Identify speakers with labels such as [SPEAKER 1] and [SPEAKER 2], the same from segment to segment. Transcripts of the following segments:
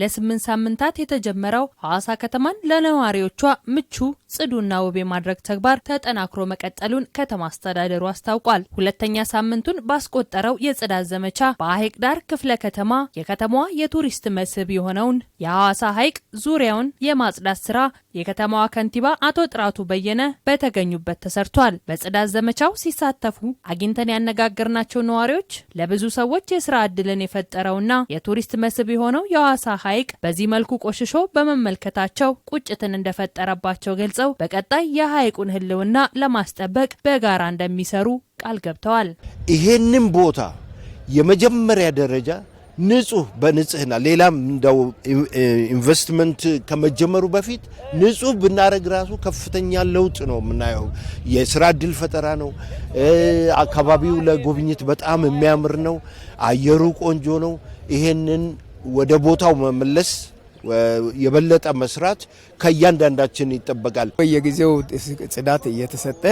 [SPEAKER 1] ለስምንት ሳምንታት የተጀመረው ሐዋሳ ከተማን ለነዋሪዎቿ ምቹ ጽዱና ውብ የማድረግ ተግባር ተጠናክሮ መቀጠሉን ከተማ አስተዳደሩ አስታውቋል። ሁለተኛ ሳምንቱን ባስቆጠረው የጽዳት ዘመቻ በሐይቅ ዳር ክፍለ ከተማ የከተማዋ የቱሪስት መስህብ የሆነውን የሐዋሳ ሐይቅ ዙሪያውን የማጽዳት ስራ የከተማዋ ከንቲባ አቶ ጥራቱ በየነ በተገኙበት ተሰርቷል። በጽዳት ዘመቻው ሲሳተፉ አግኝተን ያነጋገርናቸው ነዋሪዎች ለብዙ ሰዎች የስራ እድልን የፈጠረውና የቱሪስት መስህብ የሆነው የሐዋሳ ሐይቅ በዚህ መልኩ ቆሽሾ በመመልከታቸው ቁጭትን እንደፈጠረባቸው ገልጸዋል። ገልጸው በቀጣይ የሐይቁን ህልውና ለማስጠበቅ በጋራ እንደሚሰሩ ቃል ገብተዋል።
[SPEAKER 2] ይሄንን ቦታ የመጀመሪያ ደረጃ ንጹህ በንጽህና ሌላም እንደው ኢንቨስትመንት ከመጀመሩ በፊት ንጹህ ብናረግ ራሱ ከፍተኛ ለውጥ ነው የምናየው። የስራ እድል ፈጠራ ነው። አካባቢው ለጉብኝት በጣም የሚያምር ነው። አየሩ ቆንጆ ነው። ይሄንን ወደ ቦታው መመለስ የበለጠ መስራት ከእያንዳንዳችን ይጠበቃል።
[SPEAKER 3] በየጊዜው ጽዳት እየተሰጠ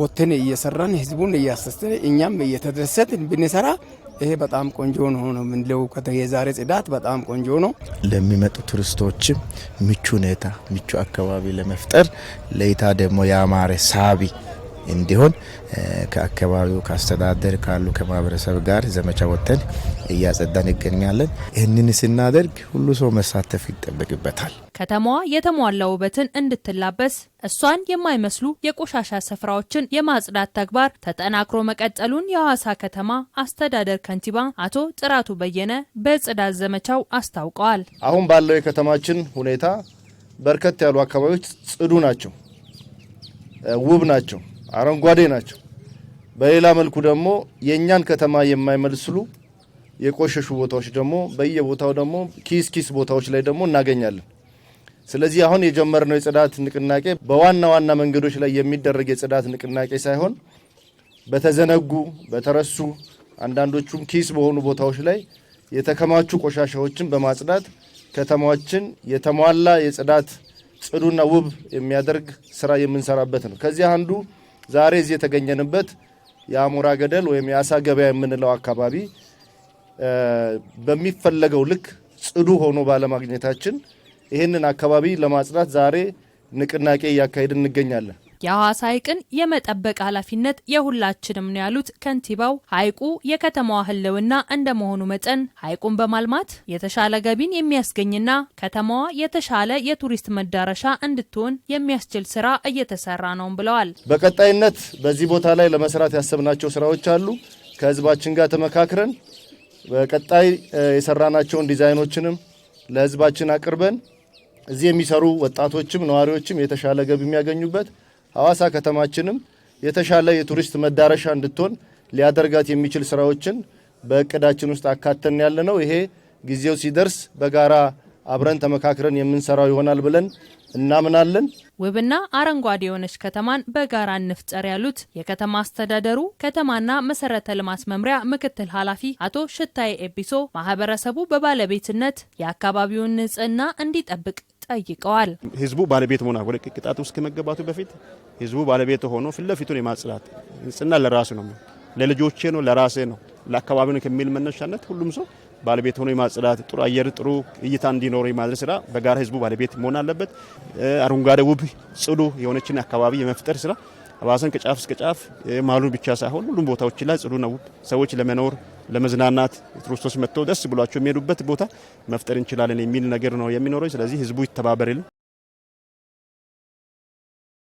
[SPEAKER 3] ወትን እየሰራን ህዝቡን እያስተስተን እኛም እየተደሰትን ብንሰራ ይሄ በጣም ቆንጆ ነው ነው ምንለው የዛሬ ጽዳት በጣም ቆንጆ ነው።
[SPEAKER 4] ለሚመጡ ቱሪስቶችም ምቹ ሁኔታ ምቹ አካባቢ ለመፍጠር ለይታ ደግሞ የአማረ ሳቢ እንዲሆን ከአካባቢው ከአስተዳደር ካሉ ከማህበረሰብ ጋር ዘመቻ ወጥተን እያጸዳን ይገኛለን። ይህንን ስናደርግ ሁሉ ሰው መሳተፍ ይጠበቅበታል።
[SPEAKER 1] ከተማዋ የተሟላ ውበትን እንድትላበስ እሷን የማይመስሉ የቆሻሻ ስፍራዎችን የማጽዳት ተግባር ተጠናክሮ መቀጠሉን የሐዋሳ ከተማ አስተዳደር ከንቲባ አቶ ጥራቱ በየነ በጽዳት ዘመቻው አስታውቀዋል።
[SPEAKER 5] አሁን ባለው የከተማችን ሁኔታ በርከት ያሉ አካባቢዎች ጽዱ ናቸው፣ ውብ ናቸው። አረንጓዴ ናቸው። በሌላ መልኩ ደግሞ የእኛን ከተማ የማይመስሉ የቆሸሹ ቦታዎች ደግሞ በየቦታው ደግሞ ኪስ ኪስ ቦታዎች ላይ ደግሞ እናገኛለን። ስለዚህ አሁን የጀመርነው የጽዳት ንቅናቄ በዋና ዋና መንገዶች ላይ የሚደረግ የጽዳት ንቅናቄ ሳይሆን በተዘነጉ በተረሱ አንዳንዶቹም ኪስ በሆኑ ቦታዎች ላይ የተከማቹ ቆሻሻዎችን በማጽዳት ከተማችን የተሟላ የጽዳት ጽዱና ውብ የሚያደርግ ስራ የምንሰራበት ነው። ከዚህ አንዱ ዛሬ እዚህ የተገኘንበት የአሞራ ገደል ወይም የአሳ ገበያ የምንለው አካባቢ በሚፈለገው ልክ ጽዱ ሆኖ ባለማግኘታችን ይህንን አካባቢ ለማጽዳት ዛሬ ንቅናቄ እያካሄድ እንገኛለን።
[SPEAKER 1] የሐዋሳ ሐይቅን የመጠበቅ ኃላፊነት የሁላችንም ነው ያሉት ከንቲባው ሐይቁ የከተማዋ ሕልውና እንደመሆኑ መጠን ሐይቁን በማልማት የተሻለ ገቢን የሚያስገኝና ከተማዋ የተሻለ የቱሪስት መዳረሻ እንድትሆን የሚያስችል ስራ እየተሰራ ነው ብለዋል።
[SPEAKER 5] በቀጣይነት በዚህ ቦታ ላይ ለመስራት ያሰብናቸው ስራዎች አሉ። ከህዝባችን ጋር ተመካክረን በቀጣይ የሰራናቸውን ዲዛይኖችንም ለህዝባችን አቅርበን እዚህ የሚሰሩ ወጣቶችም ነዋሪዎችም የተሻለ ገቢ የሚያገኙበት ሐዋሳ ከተማችንም የተሻለ የቱሪስት መዳረሻ እንድትሆን ሊያደርጋት የሚችል ስራዎችን በእቅዳችን ውስጥ አካተን ያለ ነው። ይሄ ጊዜው ሲደርስ በጋራ አብረን ተመካክረን የምንሰራው ይሆናል ብለን እናምናለን።
[SPEAKER 1] ውብና አረንጓዴ የሆነች ከተማን በጋራ እንፍጠር ያሉት የከተማ አስተዳደሩ ከተማና መሰረተ ልማት መምሪያ ምክትል ኃላፊ አቶ ሽታዬ ኤቢሶ ማህበረሰቡ በባለቤትነት የአካባቢውን ንጽህና እንዲጠብቅ ጠይቀዋል።
[SPEAKER 6] ህዝቡ ባለቤት መሆን ወደ ቅጣት ውስጥ ከመገባቱ በፊት ህዝቡ ባለቤት ሆኖ ፊት ለፊቱን የማጽዳት ንጽህና ለራሱ ነው፣ ለልጆቼ ነው፣ ለራሴ ነው፣ ለአካባቢ ነው ከሚል መነሻነት ሁሉም ሰው ባለቤት ሆኖ የማጽዳት ጥሩ አየር ጥሩ እይታ እንዲኖረው የማድረግ ስራ በጋራ ህዝቡ ባለቤት መሆን አለበት። አረንጓዴ ውብ ጽዱ የሆነችን አካባቢ የመፍጠር ስራ አባሰን ከጫፍ እስከ ጫፍ ማሉ ብቻ ሳይሆን ሁሉም ቦታዎች ላይ ጽዱና ነው። ሰዎች ለመኖር ለመዝናናት ቱሪስቶች መጥተው ደስ ብሏቸው የሚሄዱበት ቦታ መፍጠር እንችላለን የሚል ነገር ነው የሚኖረው። ስለዚህ ህዝቡ ይተባበርልን።